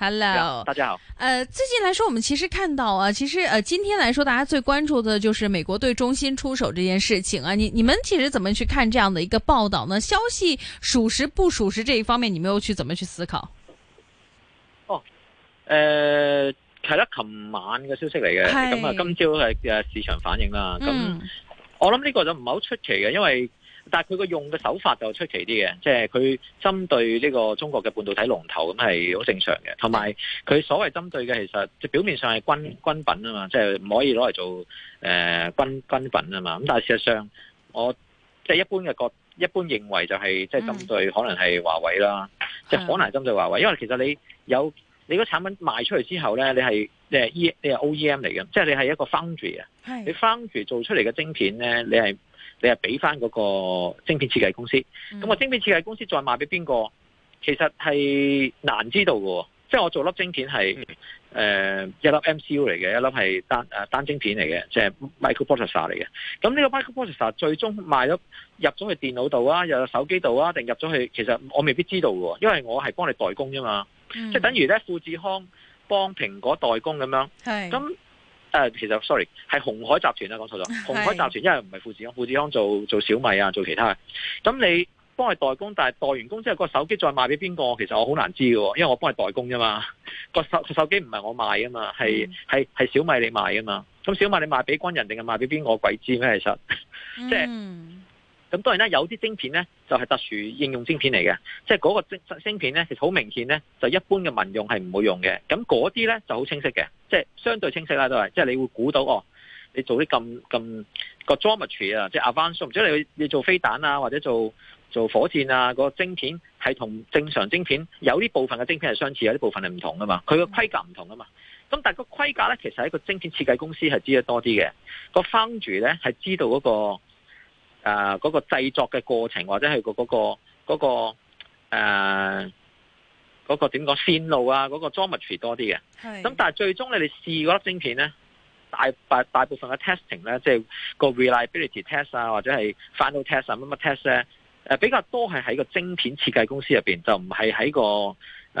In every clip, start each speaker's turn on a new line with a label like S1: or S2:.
S1: Hello，yeah, 大家好。
S2: 呃，最近來說，我們其實看到啊，其實呃，今天來說，大家最關注的就是美國對中心出手這件事情啊。你你們其實怎麼去看這樣的一個報道呢？消息屬實不屬實這一方面，你們又去怎麼去思考？
S1: 哦，呃，係啦，琴晚嘅消息嚟嘅，咁、哎、啊，今朝係嘅市場反應啦。咁、嗯，我諗呢個就唔係好出奇嘅，因為。但係佢個用嘅手法就出奇啲嘅，即係佢針對呢個中國嘅半導體龍頭咁係好正常嘅。同埋佢所謂針對嘅其實，表面上係軍軍品啊嘛，即係唔可以攞嚟做誒、呃、軍軍品啊嘛。咁但係事實上，我即係、就是、一般嘅覺一般認為就係即係針對可能係華為啦，即、嗯、係、就是、可能針對華為，因為其實你有你個產品賣出去之後咧，你係即係 E 你係 OEM 嚟嘅，即、就、係、是、你係一個 foundry 啊，你 foundry 做出嚟嘅晶片咧，你係。你係俾翻嗰個晶片設計公司，咁、嗯、啊晶片設計公司再賣俾邊個，其實係難知道喎。即係我做粒晶片係誒、嗯呃、一粒 MCU 嚟嘅，一粒係單誒、呃、單晶片嚟嘅，即係 microprocessor 嚟嘅。咁呢個 microprocessor 最終賣咗入咗去電腦度啊，入手機度啊，定入咗去，其實我未必知道喎，因為我係幫你代工啫嘛、嗯。
S3: 即係等於咧
S1: 富士康幫蘋果代工咁樣。係咁。誒、呃，其實 sorry，係鴻海集團啊。講錯咗。鴻海集團因為唔係富士康，富士康做做小米啊，做其他。咁你幫佢代工，但係代完工之後，個手機再賣俾邊個，其實我好難知喎，因為我幫佢代工啫嘛。個手手機唔係我賣啊嘛，係係係小米你賣啊嘛。咁小米你賣俾軍人定係賣俾邊個，鬼知咩？其實
S3: 即係。Mm. 即係
S1: 咁當然咧，有啲晶片咧就係特殊應用晶片嚟嘅，即係嗰個晶晶片咧，其實好明顯咧，就一般嘅民用係唔會用嘅。咁嗰啲咧就好清晰嘅，即係相對清晰啦都係，即係你會估到哦，你做啲咁咁個 geometry 啊，即係 advanced，即係你你做飛彈啊或者做做火箭啊，個晶片係同正常晶片有啲部分嘅晶片係相似，有啲部分係唔同噶嘛，佢個規格唔同啊嘛。咁但係個規格咧，其實喺個晶片設計公司係知得多啲嘅，個 foundry 咧係知道嗰個。啊！嗰、那個製作嘅過程或者係、那個嗰、那個嗰、那個誒嗰、呃那個點講線路啊，嗰、那個 geometry 多啲嘅。係。咁但係最終你哋試嗰粒晶片咧，大大大部分嘅 testing 咧，即、就、係、是、個 reliability test 啊，或者係 final test 啊，乜乜 test 咧、啊，誒比較多係喺個晶片設計公司入邊，就唔係喺個誒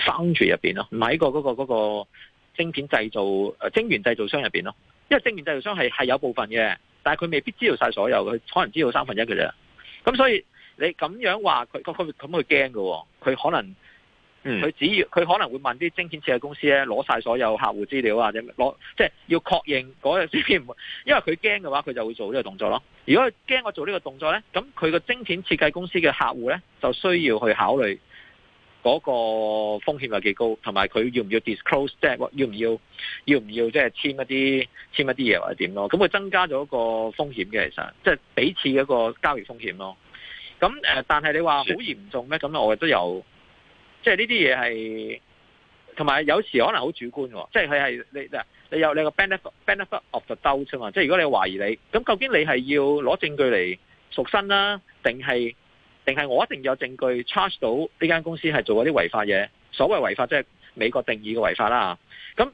S1: foundry 入邊咯，唔係喺個嗰、那個嗰、那個晶片製造誒晶圓製造商入邊咯。因為晶圓製造商係係有部分嘅。但係佢未必知道晒所有，佢可能知道三分一嘅啫。咁所以你咁樣話，佢佢佢佢驚嘅，佢可能，佢只要佢可能會問啲晶片設計公司咧攞晒所有客戶資料啊，或者攞即係要確認嗰、那個資料唔，因為佢驚嘅話，佢就會做呢個動作咯。如果佢驚我做呢個動作咧，咁佢個晶片設計公司嘅客戶咧就需要去考慮。嗰個風險係幾高，同埋佢要唔要 disclose 即係要唔要要唔要即係簽一啲簽一啲嘢或者點咯？咁佢增加咗個風險嘅，其實即係彼此嘅一個交易風險咯。咁但係你話好嚴重咩？咁我亦都有，即係呢啲嘢係同埋有時可能好主觀喎。即係佢係你嗱，你有你有個 benefit，benefit benefit of the doubt 啊嘛。即係如果你懷疑你，咁究竟你係要攞證據嚟熟身啦，定係？定係我一定有證據 charge 到呢間公司係做嗰啲違法嘢，所謂違法即係、就是、美國定義嘅違法啦。咁，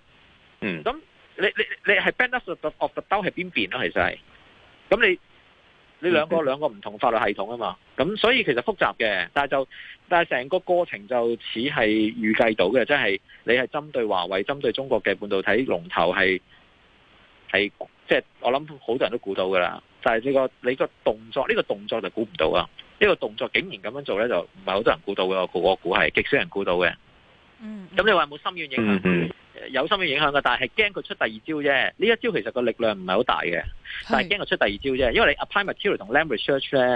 S1: 嗯，咁你你你係 balance of the 兜係邊邊咯，其實係。咁你，你兩個、嗯、兩個唔同法律系統啊嘛，咁所以其實複雜嘅，但係就但係成個過程就似係預計到嘅，即、就、係、是、你係針對華為、針對中國嘅半導體龍頭係，係即係我諗好多人都估到噶啦，但係、這個、你個你個動作呢、這個動作就估唔到啊。呢、這個動作竟然咁樣做咧，就唔係好多人估到嘅。我我估係極少人估到嘅。嗯。咁你話有冇深遠影響？Mm -hmm. 有深遠影響嘅，但係係驚佢出第二招啫。呢一招其實個力量唔係好大嘅，但係驚佢出第二招啫。因為你 Applied Materials 同 Lam Research 咧，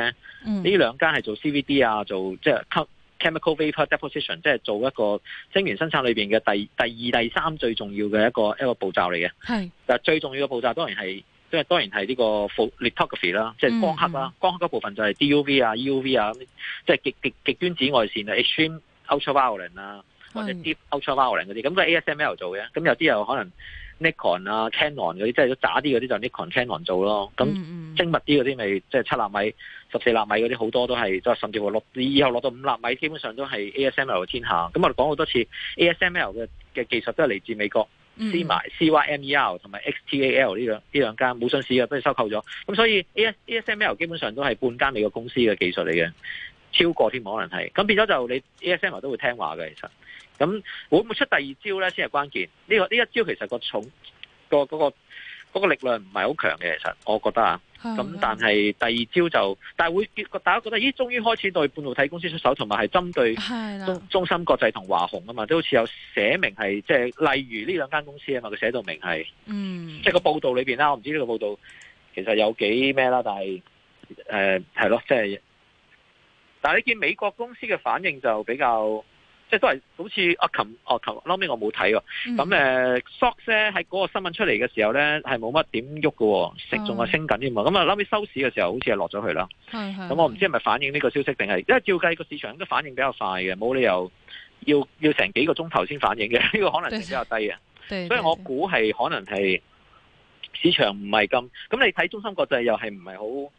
S1: 呢兩間係做 CVD 啊，做即係、就是、chemical vapor deposition，即係做一個晶圓生產裏面嘅第二第二、第三最重要嘅一個一個步驟嚟
S3: 嘅。
S1: 係。但係最重要嘅步驟當然係。即係當然係呢個 lithography 啦，即係光刻啦，光刻嗰部分就係 DUV 啊、UV 啊，即係極極極端紫外線啊、Extreme Ultraviolet 啊，或者 Deep Ultraviolet 嗰啲，咁都係 ASML 做嘅。咁有啲又可能 Nikon 啊、Canon 嗰啲，即係都渣啲嗰啲就 Nikon、Canon 做咯。咁精密啲嗰啲咪即係七納米、十四納米嗰啲，好多都係即係甚至乎六以後落到五納米，基本上都係 ASML 嘅天下。咁我哋講好多次，ASML 嘅嘅技術都係嚟自美國。埋 CYMER 同埋 XTAL 呢兩呢兩間冇上市嘅，不如收購咗。咁所以 ASML 基本上都係半間美國公司嘅技術嚟嘅，超過添可能係。咁變咗就你 ASML 都會聽話嘅，其實。咁會唔會出第二招咧？先係關鍵。呢、呢個呢一招其實嗰個重、嗰個嗰、嗰個嗰個力量唔係好強嘅，其實我覺得啊。咁、 嗯、但係第二朝就，但係會，結果大家覺得，咦，終於開始對半導體公司出手，同埋係針對中 中,中芯國際同華虹啊嘛，都好似有寫明係，即、就、係、是、例如呢兩間公司啊嘛，佢寫到明係，
S3: 即係、 就是、
S1: 個報道裏邊啦，我唔知呢個報道其實有幾咩啦，但係，誒、呃，係咯，即、就、係、是，但係你見美國公司嘅反應就比較。即係都係好似阿琴，哦、啊、琴，後屘、啊、我冇睇喎。咁誒 SOX 咧喺嗰個新聞出嚟嘅時候咧，係冇乜點喐喎，食仲係升緊添嘛。咁、嗯、啊，啊，後屘收市嘅時候好似係落咗去啦。
S3: 咁、嗯嗯嗯嗯嗯嗯、我
S1: 唔知係咪反映呢個消息定係，因為照計個市場都反應比較快嘅，冇理由要要成幾個鐘頭先反應嘅，呢個可能性比較低嘅。對對
S3: 對，所以我
S1: 估係可能係市場唔係咁。咁你睇中芯國際又係唔係好？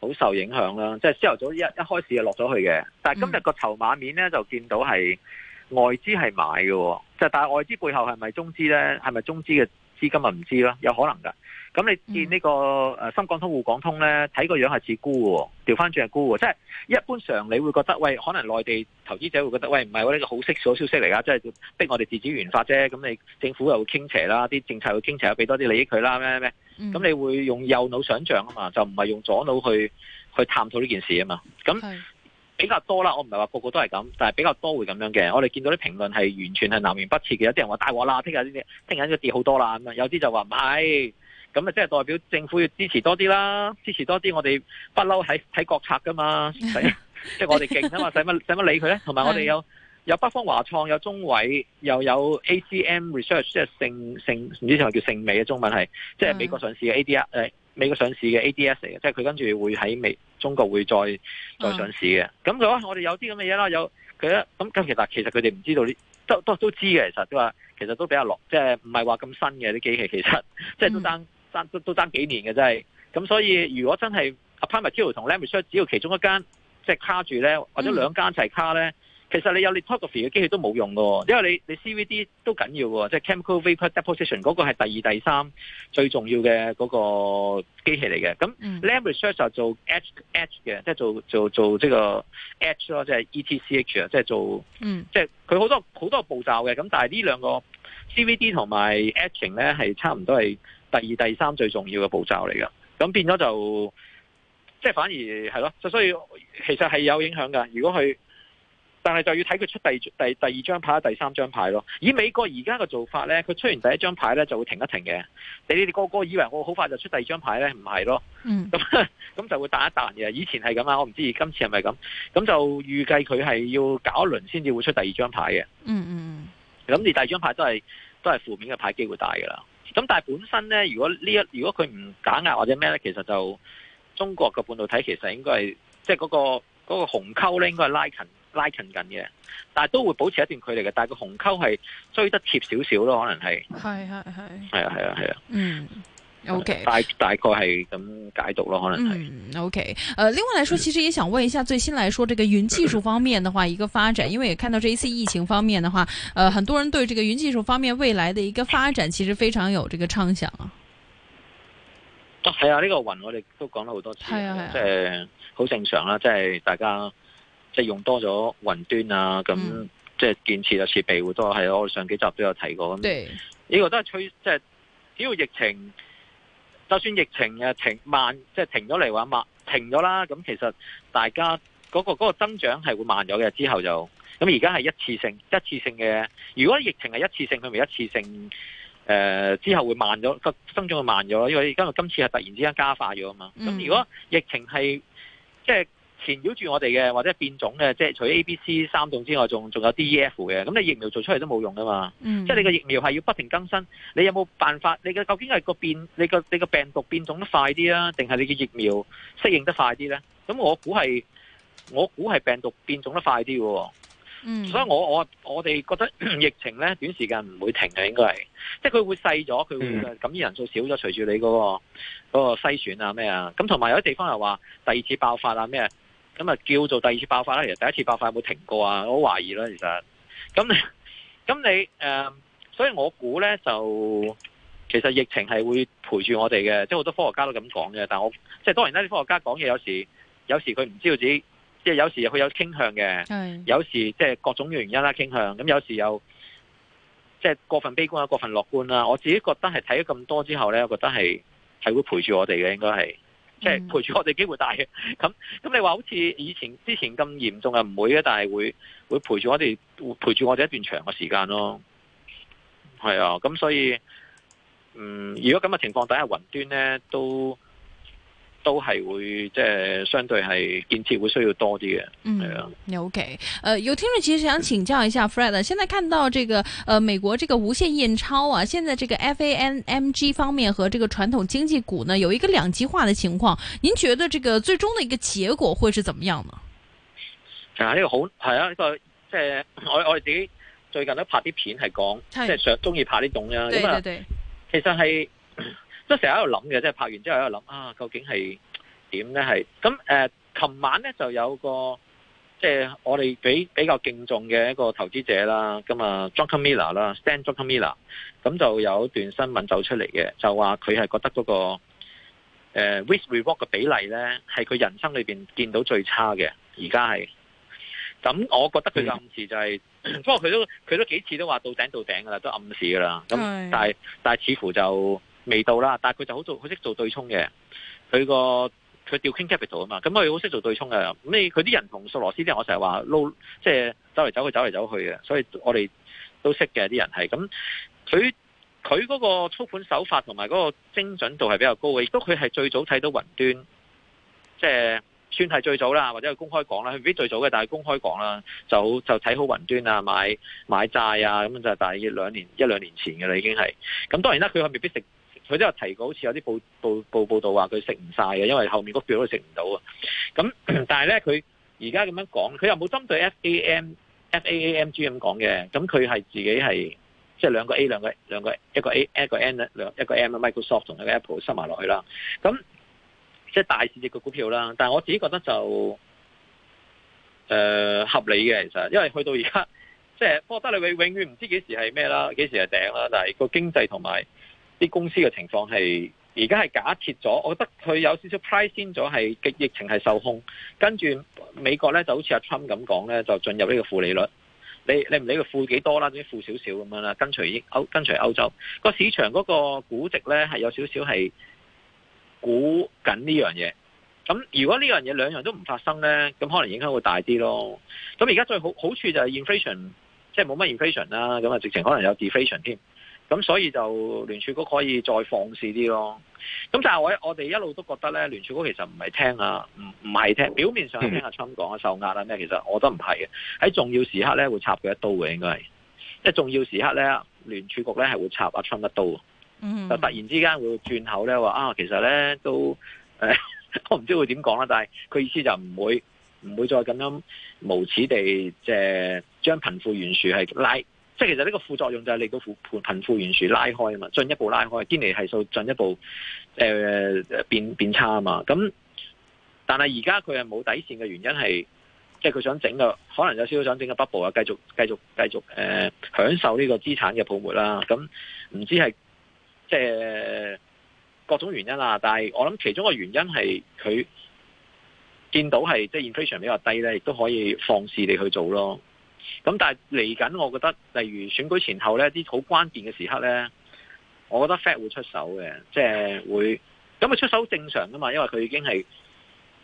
S1: 好受影響啦，即係朝頭早一一開始就落咗去嘅，但係今日個籌碼面咧就見到係外資係買嘅，即係但係外資背後係咪中資咧？係咪中資嘅資金啊？唔知啦，有可能㗎。咁你見呢、這個誒、嗯啊、深港通、滬港通咧，睇個樣係似沽喎，調翻轉係沽喎，即係一般常你會覺得，喂，可能內地投資者會覺得，喂，唔係我呢個好息所消息嚟噶，即係逼我哋自主研發啫，咁你政府又會傾斜啦，啲政策會傾斜，俾多啲利益佢啦，咩咩咩，咁你會用右腦想像啊嘛，就唔係用左腦去去探討呢件事啊嘛，咁比較多啦，我唔係話個個都係咁，但係比較多會咁樣嘅，我哋見到啲評論係完全係南轅北轍嘅，有啲人話大鑊啦，聽日呢啲聽緊佢跌好多啦咁啊，有啲就話唔係。咁啊，即係代表政府要支持多啲啦，支持多啲我哋不嬲喺喺國策噶嘛，即 係 我哋勁啊嘛，使乜使乜理佢咧？同埋我哋有 有北方華創，有中微又有 ACM Research，即係盛盛，唔知叫盛美嘅、啊、中文係，即、就、係、是、美國上市嘅 ADS，、mm. 哎、美國上市嘅 ADS 嚟嘅，即係佢跟住會喺美中國會再再上市嘅。咁佢話我哋有啲咁嘅嘢啦，有佢咧。咁其實其實佢哋唔知道啲都都都知嘅，其實都話其實都比較落，即係唔係話咁新嘅啲機器，其實即係、就是、都爭都爭幾年嘅真係，咁所以如果真係 Applied Materials 同 Lam Research 只要其中一間即係卡住咧，或者兩間齊齊卡咧、嗯，其實你有 lithography 嘅機器都冇用噶，因為你你 CVD 都緊要喎，即係 chemical vapor deposition 嗰個係第二第三最重要嘅嗰個機器嚟嘅。咁 Lam Research 就做 H H 嘅，即係做做做呢個 H 咯、嗯，即係 ETCH 啊，即係做，即係佢好多好多步驟嘅。咁但係呢兩個。CVD 同埋 acting 咧，係差唔多係第二、第三最重要嘅步驟嚟噶。咁變咗就即係反而係咯，所以其實係有影響噶。如果佢，但係就要睇佢出第第第，第二張牌，第三張牌咯。以美國而家嘅做法咧，佢出完第一張牌咧就會停一停嘅。你哋哥哥以為我好快就出第二張牌咧，唔係咯。嗯。咁咁就會彈一彈嘅。以前係咁啊，我唔知道今次係咪咁。咁就預計佢係要搞一輪先至會出第二張牌嘅。嗯
S3: 嗯。
S1: 咁而第二張牌都係都係負面嘅牌，機會大嘅啦。咁但係本身咧，如果呢一如果佢唔打壓或者咩咧，其實就中國嘅半導體其實應該係，即係嗰個嗰個紅溝咧，應該係拉近拉近緊嘅，但係都會保持一段距離嘅。但係個紅溝係追得貼少少咯，可能係係係係係啊係啊係啊嗯。O K，大大概係咁解讀咯，可能係。
S2: O K，誒，另外來說，其實也想問一下，最新來說，這個雲技術方面的話，一個發展，因為也看到這一次疫情方面的話，誒、呃，很多人對這個雲技術方面未來的一個發展，其實非常有這個暢想
S1: 啊。係啊，呢個雲我哋都講咗好多次，即係好正常啦，即、就、係、是、大家即係、就是、用多咗雲端啊，咁即係建設啊設備會多係咯、嗯。我哋上幾集都有提過咁。呢個都係趨，即係只要疫情。就算疫情嘅停慢，即、就、係、是、停咗嚟話慢停咗啦，咁其實大家嗰、那個那個增長係會慢咗嘅。之後就咁而家係一次性一次性嘅。如果疫情係一次性，佢咪一次性，誒、呃、之後會慢咗，個增長會慢咗咯。因為而家我今次係突然之間加快咗啊嘛。咁如果疫情係即係。就是纏繞住我哋嘅，或者變種嘅，即係除咗 A、B、C 三種之外，仲仲有 D、E、F 嘅。咁你疫苗做出嚟都冇用噶嘛？嗯、即係你個疫苗係要不停更新。你有冇辦法？你嘅究竟係個變你個你個病毒變種得快啲啊，定係你嘅疫苗適應得快啲咧？咁我估係，我估係病毒變種得快啲嘅、哦嗯。所以我我我哋覺得疫情咧短時間唔會停嘅，應該係即係佢會細咗，佢會感染人數少咗，隨住你嗰、那個嗰、那個篩選啊咩啊。咁同埋有啲地方又話第二次爆發啊咩？咁啊，叫做第二次爆發啦，其實第一次爆發有冇停過啊？我好懷疑啦、啊，其實。咁你，咁你，誒，所以我估咧，就其實疫情係會陪住我哋嘅，即係好多科學家都咁講嘅。但我即係、就是、當然啦，啲科學家講嘢有時，有時佢唔知道自己，即、就、係、是、有時佢有傾向嘅，有時即係各種原因啦傾向。咁有時又即係過分悲觀啦，過分樂觀啦。我自己覺得係睇咗咁多之後咧，我覺得係係會陪住我哋嘅，應該係。即係陪住我哋機會大嘅，咁咁你話好似以前之前咁嚴重啊，唔會嘅，但係會會陪住我哋，陪住我哋一段長嘅時間咯。係啊，咁所以，嗯，如果咁嘅情況底下，雲端咧都。都係會即係相對係建設會需要多啲嘅，係、
S2: 嗯、啊。OK，誒、uh,，有聽眾其實想請教一下 Fred，、啊、現在看到這個，誒、呃，美國這個無限印鈔啊，現在這個 FAMG 方面和這個傳統經濟股呢，有一個兩極化的情況，您覺得這個最終的一個結果會是怎麼樣呢？啊，
S1: 呢、這個好係啊，呢個即係我我哋自己最近都拍啲片係講，即係想中意拍呢種啊，咁啊、嗯，其實係。都成日喺度諗嘅，即係拍完之後喺度諗啊，究竟係點咧？係咁誒，琴、嗯呃、晚咧就有個即係我哋比比較敬重嘅一個投資者啦，咁啊，John Camilla 啦，Stan John Camilla，咁、嗯、就有段新聞走出嚟嘅，就話佢係覺得嗰、那個誒 risk reward 嘅比例咧，係佢人生裏邊見到最差嘅，而家係。咁、嗯，我覺得佢暗示就係、是，嗯、不過佢都佢都幾次都話到頂到頂噶啦，都暗示噶啦。咁、嗯，但係但係似乎就。未到啦，但係佢就好做，佢識做對沖嘅。佢個佢 King Capital 啊嘛，咁佢好識做對沖嘅。咁你佢啲人同索羅斯啲人，我成日話撈，即係走嚟走去，走嚟走去嘅。所以我哋都識嘅啲人係咁。佢佢嗰個操盤手法同埋嗰個精準度係比較高嘅，亦都佢係最早睇到雲端，即係算係最早啦，或者係公開講啦，佢未必最早嘅，但係公開講啦，就就睇好雲端啊，買買債啊，咁就大約兩年一兩年前嘅啦，已經係。咁當然啦，佢係未必食。佢都有提過，好似有啲報報報報導話佢食唔晒嘅，因為後面個票都食唔到啊。咁但係咧，佢而家咁樣講，佢又冇針對 FAM、FAMG 咁講嘅。咁佢係自己係即係兩個 A 兩個、兩個兩個一個 A、一個 N、兩一個 M、Microsoft 同一個 Apple 塞埋落去啦。咁即係大市值嘅股票啦。但係我自己覺得就誒、呃、合理嘅其實，因為去到而家即係，我覺得你永永遠唔知幾時係咩啦，幾時係頂啦。但係個經濟同埋。啲公司嘅情況係而家係假設咗，我覺得佢有少少 price 先咗，係疫情係受控，跟住美國咧就好似阿 Trump 咁講咧，就進入呢個負利率。你你唔理佢負幾多啦，總之負少少咁樣啦，跟隨歐跟隨歐洲個市場嗰個估值咧係有少少係估緊呢樣嘢。咁如果呢樣嘢兩樣都唔發生咧，咁可能影響會大啲咯。咁而家最好好處就係 inflation，即係冇乜 inflation 啦，咁啊直情可能有 deflation 添。咁所以就聯儲局可以再放肆啲咯。咁但係我我哋一路都覺得咧，聯儲局其實唔係聽啊，唔唔係聽表面上聽阿 Trump 講啊受壓啦咩，其實我覺得唔係嘅。喺重要時刻咧會插佢一刀嘅，應該係即係重要時刻咧，聯儲局咧係會插阿 Trump 一刀嘅。嗯，嗯，突然之間會轉口咧話啊，其實咧都、哎、我唔知會點講啦，但係佢意思就唔會唔會再咁樣無恥地即係將貧富懸殊係拉。即係其實呢個副作用就係令到貧富懸殊拉開啊嘛，進一步拉開堅尼係數進一步誒、呃、變變差啊嘛。咁但係而家佢係冇底線嘅原因係，即係佢想整個可能有少少想整個 bubble 啊，繼續繼續繼續誒享受呢個資產嘅泡沫啦。咁唔知係即係各種原因啦，但係我諗其中個原因係佢見到係即係 inflation 比較低咧，亦都可以放肆地去做咯。咁但係嚟緊，我覺得例如選舉前後咧，啲好關鍵嘅時刻咧，我覺得 Fed 會出手嘅，即係會，咁佢出手正常噶嘛，因為佢已經係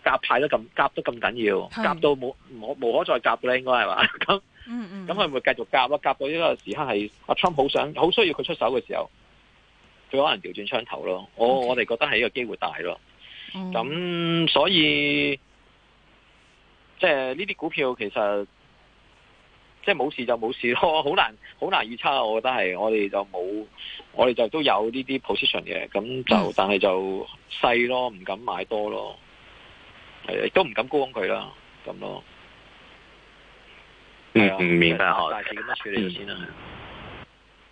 S1: 夾派得咁夾得咁緊要，夾到冇冇無無可再夾嘅咧，應該係嘛？咁咁佢會唔會繼續夾啊？夾到呢個時刻係阿 Trump 好想好需要佢出手嘅時候，佢可能調轉槍頭咯。Okay. 我我哋覺得係呢個機會大咯。咁、嗯、所以、嗯、即係呢啲股票其實。即係冇事就冇事，我好難好難預測，我覺得係我哋就冇，我哋就，就都有呢啲 position 嘅，咁就但係就細咯，唔敢買多咯，係亦都唔敢高佢啦，咁咯。嗯嗯，明白。嗯。大致咁樣處理咗先啦。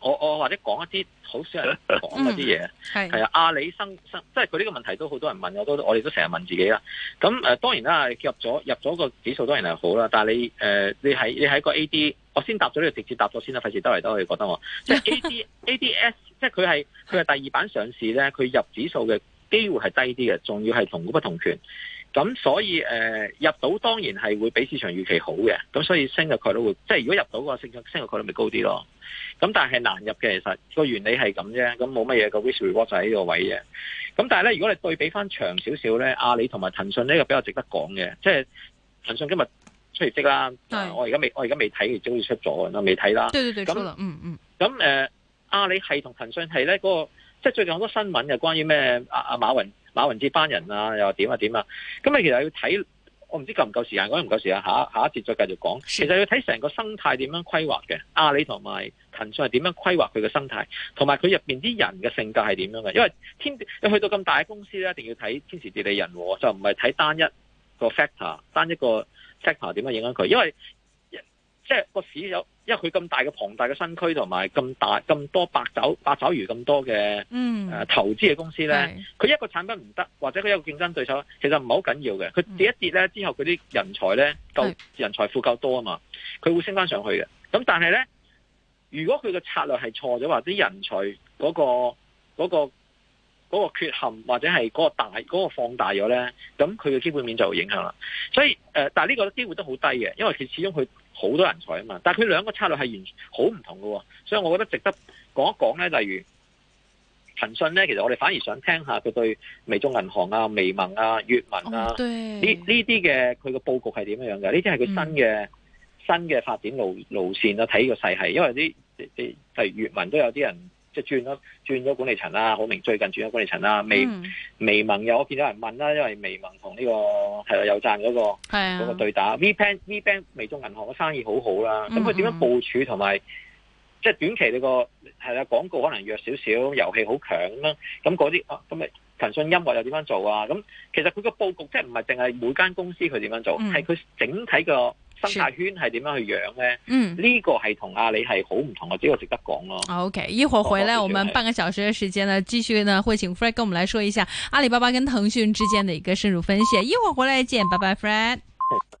S1: 我我或者講一啲好少人講一啲嘢，係、嗯、啊阿里升升，即係佢呢個問題都好多人問，我都我哋都成日問自己啦。咁誒、呃、當然啦，入咗入咗個指數當然係好啦，但你誒、呃、你係你喺個 A D，我先答咗呢、這個直接答咗先啦，費事兜嚟兜去覺得我、就是、AD, ADS，即係 A D A D S，即係佢係佢係第二板上市咧，佢入指數嘅機會係低啲嘅，仲要係同股不同權。咁所以誒、呃、入到當然係會比市場預期好嘅，咁所以升嘅概率都會即係如果入到個升嘅升嘅概率咪高啲咯。咁但係難入嘅，其實個原理係咁啫，咁冇乜嘢個 risk reward 就喺呢個位嘅。咁但係咧，如果你對比翻長少少咧，阿里同埋騰訊呢個比較值得講嘅，即係騰訊今日出業績啦、呃，我而家未我而家未睇，而家終於出咗啦，未睇啦。對對對，咁嗯嗯。咁誒、呃，阿里係同騰訊係咧，嗰、嗰個即係最近好多新聞嘅，關於咩阿阿馬雲馬雲接班人啊，又話點啊點啊。咁你其實要睇。我唔知夠唔夠時間。嗰唔夠時間，下下一節再繼續講。其實要睇成個生態點樣規劃嘅，阿里同埋騰訊係點樣規劃佢嘅生態，同埋佢入邊啲人嘅性格係點樣嘅。因為天，你去到咁大嘅公司咧，一定要睇天時地利人和，就唔係睇單一個 factor，單一個 factor 點樣影響佢。因為即係個市有，因為佢咁大嘅龐大嘅身軀，同埋咁大咁多八爪八爪魚咁多嘅誒、嗯啊、投資嘅公司咧，佢一個產品唔得，或者佢一個競爭對手，其實唔係好緊要嘅。佢跌一跌咧，之後，佢啲人才咧夠人才富夠多啊嘛，佢會升翻上去嘅。咁但係咧，如果佢嘅策略係錯咗，或者人才嗰、嗰個嗰、嗰個嗰、嗰個嗰個缺陷，或者係嗰個大嗰、嗰個放大咗咧，咁佢嘅基本面就會影響啦。所以誒、呃，但係呢個機會都好低嘅，因為佢始終佢。好多人才啊嘛，但係佢兩個策略係完全好唔同嘅，所以我覺得值得講一講咧。例如騰訊咧，其實我哋反而想聽一下佢對微眾銀行啊、微盟啊、粵文啊呢呢啲嘅佢嘅佈局係點樣樣嘅？呢啲係佢新嘅、嗯、新嘅發展路路線啦。睇個勢係，因為啲啲係粵文都有啲人。轉咗轉咗管理層啦，好明最近轉咗管理層啦。微，mm. 微盟又我見到人問啦，因為微盟同呢、這個係啦，又個嗰、
S3: 啊那個對
S1: 打。WeBank WeBank 微眾銀行嘅生意很好好、啊、啦，咁佢點樣部署同埋、mm. 即係短期呢、那個係啦廣告可能弱少少，遊戲好強啦。咁嗰啲啊咁啊騰訊音樂又點樣做啊？咁其實佢個佈局即係唔係淨係每間公司佢點樣做，係、mm. 佢整體個。生態圈係點樣去養嗯呢、呢個係同阿里係好唔同嘅，只個值得講咯。
S2: OK，一會回來，我們半個小時嘅時間呢，繼續呢會請 Fred 跟我們來說一下阿里巴巴跟騰訊之間的一個深入分析。一會回來見，拜拜，Fred。